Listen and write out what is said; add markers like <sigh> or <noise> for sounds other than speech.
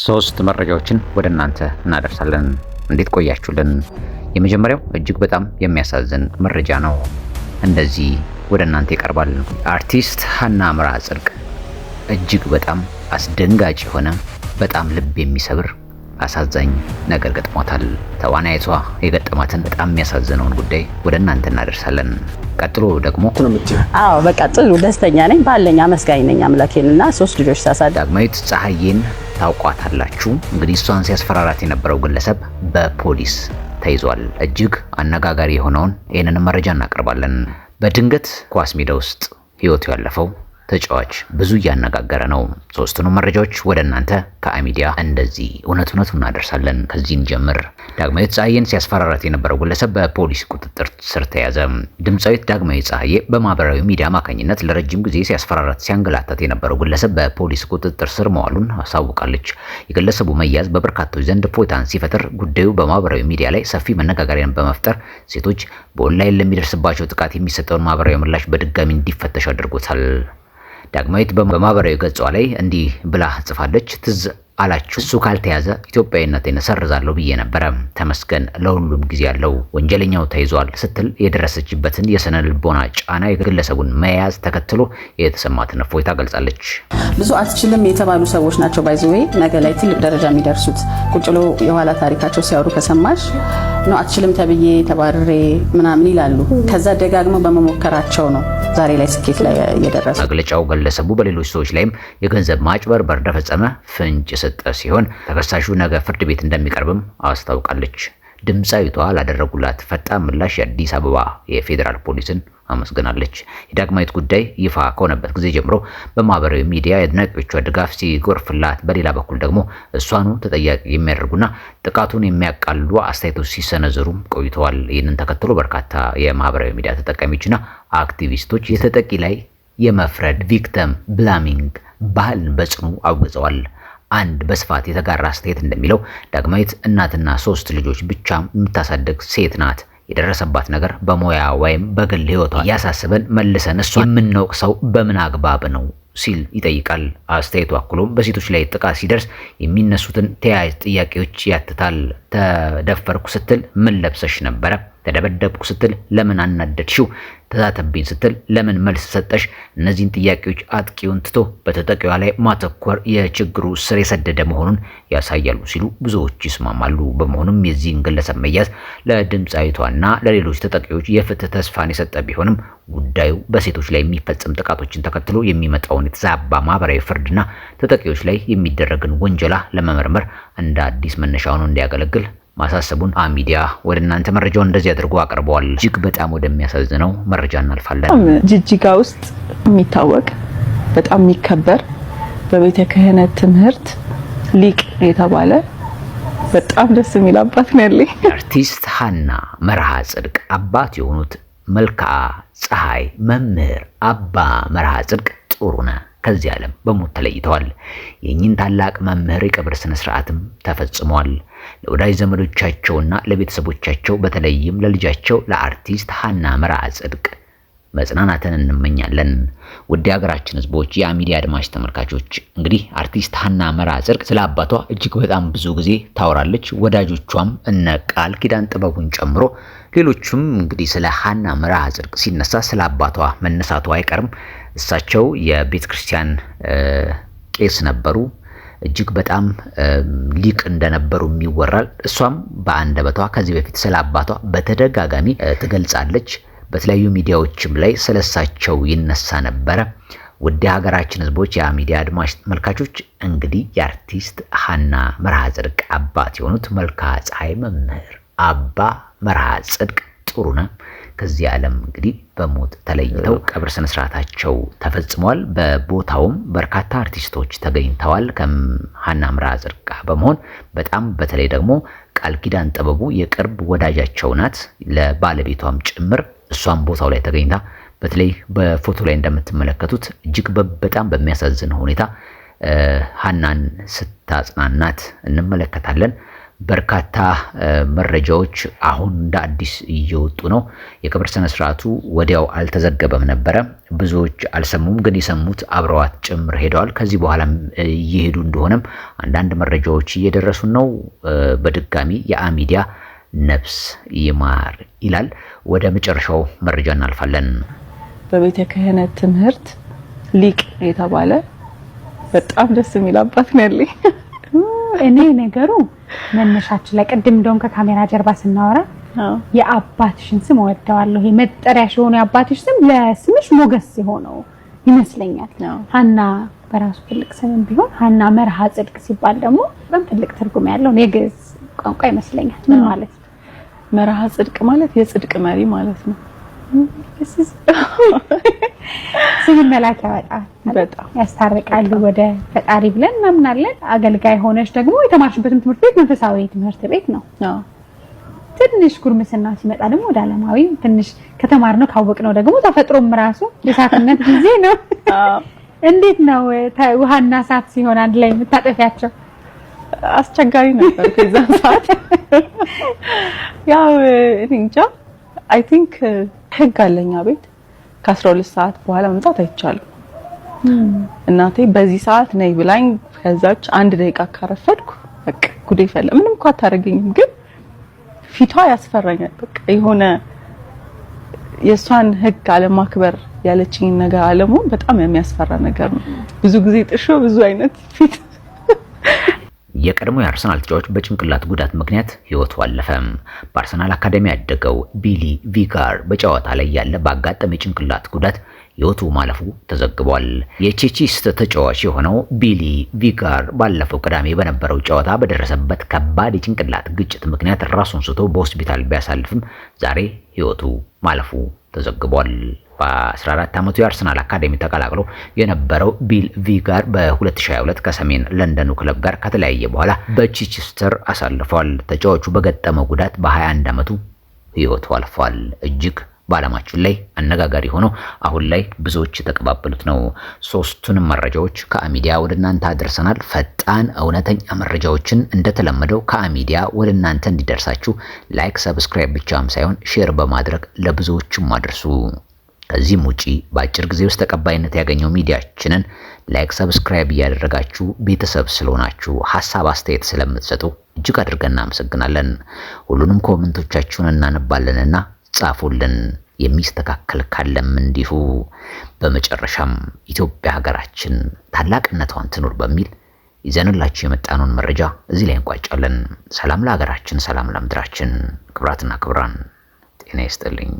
ሶስት መረጃዎችን ወደ እናንተ እናደርሳለን። እንዴት ቆያችሁልን? የመጀመሪያው እጅግ በጣም የሚያሳዝን መረጃ ነው። እንደዚህ ወደ እናንተ ይቀርባል። አርቲስት ሀና ምራ ጽድቅ እጅግ በጣም አስደንጋጭ የሆነ በጣም ልብ የሚሰብር አሳዛኝ ነገር ገጥሟታል። ተዋናይቷ የገጠማትን በጣም የሚያሳዝነውን ጉዳይ ወደ እናንተ እናደርሳለን። ቀጥሎ ደግሞ አዎ በቃ ጥሩ ደስተኛ ነኝ ባለኝ አመስጋኝ ነኝ አምላኬንና ሶስት ልጆች ሳሳድ ዳግማዊት ፀሐዬን ታውቋታላችሁ። እንግዲህ እሷን ሲያስፈራራት የነበረው ግለሰብ በፖሊስ ተይዟል። እጅግ አነጋጋሪ የሆነውን ይህንንም መረጃ እናቀርባለን። በድንገት ኳስ ሜዳ ውስጥ ህይወቱ ያለፈው ተጫዋች ብዙ እያነጋገረ ነው። ሶስቱኑ መረጃዎች ወደ እናንተ ከአሚዲያ እንደዚህ እውነት እውነቱ እናደርሳለን። ከዚህን ጀምር። ዳግማዊት ፀሐዬን ሲያስፈራራት የነበረው ግለሰብ በፖሊስ ቁጥጥር ስር ተያዘ። ድምፃዊት ዳግማዊት ፀሐዬ በማህበራዊ ሚዲያ አማካኝነት ለረጅም ጊዜ ሲያስፈራራት፣ ሲያንገላታት የነበረው ግለሰብ በፖሊስ ቁጥጥር ስር መዋሉን አሳውቃለች። የግለሰቡ መያዝ በበርካቶች ዘንድ ፎይታን ሲፈጥር፣ ጉዳዩ በማህበራዊ ሚዲያ ላይ ሰፊ መነጋገሪያን በመፍጠር ሴቶች በኦንላይን ለሚደርስባቸው ጥቃት የሚሰጠውን ማህበራዊ ምላሽ በድጋሚ እንዲፈተሽ አድርጎታል። ዳግማዊት በማህበራዊ ገጿ ላይ እንዲህ ብላ ጽፋለች። ትዝ አላችሁ እሱ ካልተያዘ ኢትዮጵያዊነቴን እሰርዛለሁ ብዬ ነበረ። ተመስገን ለሁሉም ጊዜ ያለው ወንጀለኛው ተይዟል ስትል የደረሰችበትን የስነ ልቦና ጫና፣ የግለሰቡን መያዝ ተከትሎ የተሰማትን እፎይታ ገልጻለች። ብዙ አትችልም የተባሉ ሰዎች ናቸው ባይዘወይ ነገ ላይ ትልቅ ደረጃ የሚደርሱት ቁጭሎ የኋላ ታሪካቸው ሲያወሩ ከሰማሽ ነው አትችልም ተብዬ ተባርሬ ምናምን ይላሉ። ከዛ ደጋግመው በመሞከራቸው ነው ዛሬ ላይ ስኬት ላይ እየደረሰ። መግለጫው ግለሰቡ በሌሎች ሰዎች ላይም የገንዘብ ማጭበርበር እንደፈጸመ ፍንጭ ሰጠ ሲሆን ተከሳሹ ነገ ፍርድ ቤት እንደሚቀርብም አስታውቃለች። ድምፃዊቷ ላደረጉላት ፈጣን ምላሽ የአዲስ አበባ የፌዴራል ፖሊስን አመስግናለች። የዳግማዊት ጉዳይ ይፋ ከሆነበት ጊዜ ጀምሮ በማህበራዊ ሚዲያ የአድናቂዎቿ ድጋፍ ሲጎርፍላት፣ በሌላ በኩል ደግሞ እሷኑ ተጠያቂ የሚያደርጉና ጥቃቱን የሚያቃሉ አስተያየቶች ሲሰነዘሩም ቆይተዋል። ይህንን ተከትሎ በርካታ የማህበራዊ ሚዲያ ተጠቃሚዎችና አክቲቪስቶች የተጠቂ ላይ የመፍረድ ቪክተም ብላሚንግ ባህልን በጽኑ አውግዘዋል። አንድ በስፋት የተጋራ አስተያየት እንደሚለው ዳግማዊት እናትና ሶስት ልጆች ብቻ የምታሳድግ ሴት ናት። የደረሰባት ነገር በሙያ ወይም በግል ህይወቷ ያሳስበን መልሰን እሷ የምናውቅ ሰው በምን አግባብ ነው ሲል ይጠይቃል። አስተያየቱ አክሎም በሴቶች ላይ ጥቃት ሲደርስ የሚነሱትን ተያያዥ ጥያቄዎች ያትታል። ተደፈርኩ ስትል ምን ለብሰሽ ነበረ? ተደበደብኩ ስትል ለምን አናደድሽው? ተዛተብኝ ስትል ለምን መልስ ሰጠሽ? እነዚህን ጥያቄዎች አጥቂውን ትቶ በተጠቂዋ ላይ ማተኮር የችግሩ ስር የሰደደ መሆኑን ያሳያሉ ሲሉ ብዙዎች ይስማማሉ። በመሆኑም የዚህን ግለሰብ መያዝ ለድምፃዊቷና ለሌሎች ተጠቂዎች የፍትህ ተስፋን የሰጠ ቢሆንም ጉዳዩ በሴቶች ላይ የሚፈጸም ጥቃቶችን ተከትሎ የሚመጣውን የተዛባ ማህበራዊ ፍርድና ተጠቂዎች ላይ የሚደረግን ወንጀላ ለመመርመር እንደ አዲስ መነሻ ሆኖ እንዲያገለግል ማሳሰቡን አሚዲያ ወደ እናንተ መረጃውን እንደዚህ አድርጎ አቅርበዋል። እጅግ በጣም ወደሚያሳዝነው መረጃ እናልፋለን። ጅጅጋ ውስጥ የሚታወቅ በጣም የሚከበር በቤተ ክህነት ትምህርት ሊቅ የተባለ በጣም ደስ የሚል አባት ነው ያለኝ። አርቲስት ሀና መርሃ ጽድቅ አባት የሆኑት መልክዓ ፀሐይ መምህር አባ መርሃ ጽድቅ ጥሩ ጥሩነህ ከዚህ ዓለም በሞት ተለይተዋል። የእኚህን ታላቅ መምህር የቀብር ስነ ስርዓትም ተፈጽሟል። ለወዳጅ ዘመዶቻቸውና ለቤተሰቦቻቸው በተለይም ለልጃቸው ለአርቲስት ሀና መርዓ ጽድቅ መጽናናትን እንመኛለን። ውድ የሀገራችን ህዝቦች የአሚዲያ አድማጭ ተመልካቾች፣ እንግዲህ አርቲስት ሀና መርዓ ጽድቅ ስለ አባቷ እጅግ በጣም ብዙ ጊዜ ታወራለች። ወዳጆቿም እነ ቃል ኪዳን ጥበቡን ጨምሮ ሌሎቹም እንግዲህ ስለ ሀና መርዓ ጽድቅ ሲነሳ ስለ አባቷ መነሳቱ አይቀርም። እሳቸው የቤተ ክርስቲያን ቄስ ነበሩ። እጅግ በጣም ሊቅ እንደነበሩ ይወራል። እሷም በአንደበቷ ከዚህ በፊት ስለ አባቷ በተደጋጋሚ ትገልጻለች። በተለያዩ ሚዲያዎችም ላይ ስለሳቸው ይነሳ ነበረ። ወደ ሀገራችን ህዝቦች የሚዲያ አድማጭ ተመልካቾች እንግዲህ የአርቲስት ሀና መርሃ ጽድቅ አባት የሆኑት መልካ ፀሐይ መምህር አባ መርሃ ጽድቅ ጥሩነህ ከዚህ ዓለም እንግዲህ በሞት ተለይተው ቀብር ስነስርዓታቸው ተፈጽሟል። በቦታውም በርካታ አርቲስቶች ተገኝተዋል። ከሀና ምራ ጽድቅ በመሆን በጣም በተለይ ደግሞ ቃል ኪዳን ጥበቡ የቅርብ ወዳጃቸው ናት፣ ለባለቤቷም ጭምር እሷም ቦታው ላይ ተገኝታ በተለይ በፎቶ ላይ እንደምትመለከቱት እጅግ በጣም በሚያሳዝን ሁኔታ ሀናን ስታጽናናት እንመለከታለን። በርካታ መረጃዎች አሁን እንደ አዲስ እየወጡ ነው። የቀብር ስነስርዓቱ ወዲያው አልተዘገበም ነበረ። ብዙዎች አልሰሙም፣ ግን የሰሙት አብረዋት ጭምር ሄደዋል። ከዚህ በኋላም እየሄዱ እንደሆነም አንዳንድ መረጃዎች እየደረሱን ነው። በድጋሚ የአሚዲያ ነፍስ ይማር ይላል። ወደ መጨረሻው መረጃ እናልፋለን። በቤተ ክህነት ትምህርት ሊቅ የተባለ በጣም ደስ የሚል አባት ነው ያለኝ እኔ ነገሩ መነሻችን ላይ ቅድም እንደውም ከካሜራ ጀርባ ስናወራ የአባትሽን ስም እወደዋለሁ። መጠሪያሽ የሆነው የአባትሽ ስም ለስምሽ ሞገስ የሆነው ይመስለኛል። ሀና በራሱ ትልቅ ስምም ቢሆን ሀና መርሃ ጽድቅ ሲባል ደግሞ በጣም ትልቅ ትርጉም ያለው የግዕዝ ቋንቋ ይመስለኛል። ምን ማለት ነው? መርሃ ጽድቅ ማለት የጽድቅ መሪ ማለት ነው። ስዕል <laughs> መላክ በጣም በጣም ያስታርቃሉ ወደ ፈጣሪ ብለን እናምናለን። አገልጋይ ሆነች ደግሞ የተማርሽበትም ትምህርት ቤት መንፈሳዊ ትምህርት ቤት ነው። ትንሽ ጉርምስና ሲመጣ ደግሞ ወደ አለማዊ ትንሽ ከተማርነው ካወቅነው ደግሞ ተፈጥሮም ራሱ የእሳትነት ጊዜ ነው። እንዴት ነው ውሃና እሳት ሲሆን አንድ ላይ የምታጠፊያቸው? አስቸጋሪ ነበር ከዛን ሰዓት <laughs> ያው እንጃ አይ ቲንክ ህግ አለኛ ቤት ከ12 ሰዓት በኋላ መምጣት አይቻልም። እናቴ በዚህ ሰዓት ነይ ብላኝ ከዛች አንድ ደቂቃ ካረፈድኩ በቃ ጉዴ ፈላ። ምንም እኮ አታደርገኝም፣ ግን ፊቷ ያስፈራኛል። በቃ የሆነ የእሷን ህግ አለማክበር ያለችኝ ነገር አለመሆን በጣም የሚያስፈራ ነገር ነው። ብዙ ጊዜ ጥሾ ብዙ አይነት ፊት የቀድሞ የአርሰናል ተጫዋች በጭንቅላት ጉዳት ምክንያት ህይወቱ አለፈ። በአርሰናል አካዳሚ ያደገው ቢሊ ቪጋር በጨዋታ ላይ ያለ ባጋጠመ የጭንቅላት ጉዳት ህይወቱ ማለፉ ተዘግቧል። የቼቺስት ተጫዋች የሆነው ቢሊ ቪጋር ባለፈው ቅዳሜ በነበረው ጨዋታ በደረሰበት ከባድ የጭንቅላት ግጭት ምክንያት ራሱን ስቶ በሆስፒታል ቢያሳልፍም ዛሬ ህይወቱ ማለፉ ተዘግቧል። በ14 ዓመቱ የአርሰናል አካዳሚ ተቀላቅሎ የነበረው ቢል ቪጋር በ2022 ከሰሜን ለንደኑ ክለብ ጋር ከተለያየ በኋላ በቺችስተር አሳልፏል። ተጫዋቹ በገጠመው ጉዳት በ21 ዓመቱ ህይወቱ አልፏል። እጅግ በዓለማችን ላይ አነጋጋሪ ሆኖ አሁን ላይ ብዙዎች የተቀባበሉት ነው። ሶስቱንም መረጃዎች ከአሚዲያ ወደ እናንተ አድርሰናል። ፈጣን እውነተኛ መረጃዎችን እንደተለመደው ከአሚዲያ ወደ እናንተ እንዲደርሳችሁ ላይክ፣ ሰብስክራይብ ብቻም ሳይሆን ሼር በማድረግ ለብዙዎችም አድርሱ። ከዚህም ውጪ በአጭር ጊዜ ውስጥ ተቀባይነት ያገኘው ሚዲያችንን ላይክ፣ ሰብስክራይብ እያደረጋችሁ ቤተሰብ ስለሆናችሁ ሀሳብ አስተያየት ስለምትሰጡ እጅግ አድርገን እናመሰግናለን። ሁሉንም ኮመንቶቻችሁን እናነባለንና ጻፉልን፣ የሚስተካከል ካለም እንዲሁ። በመጨረሻም ኢትዮጵያ ሀገራችን ታላቅነቷን ትኑር በሚል ይዘንላችሁ የመጣነውን መረጃ እዚህ ላይ እንቋጫለን። ሰላም ለሀገራችን፣ ሰላም ለምድራችን። ክብራትና ክብራን ጤና ይስጥልኝ።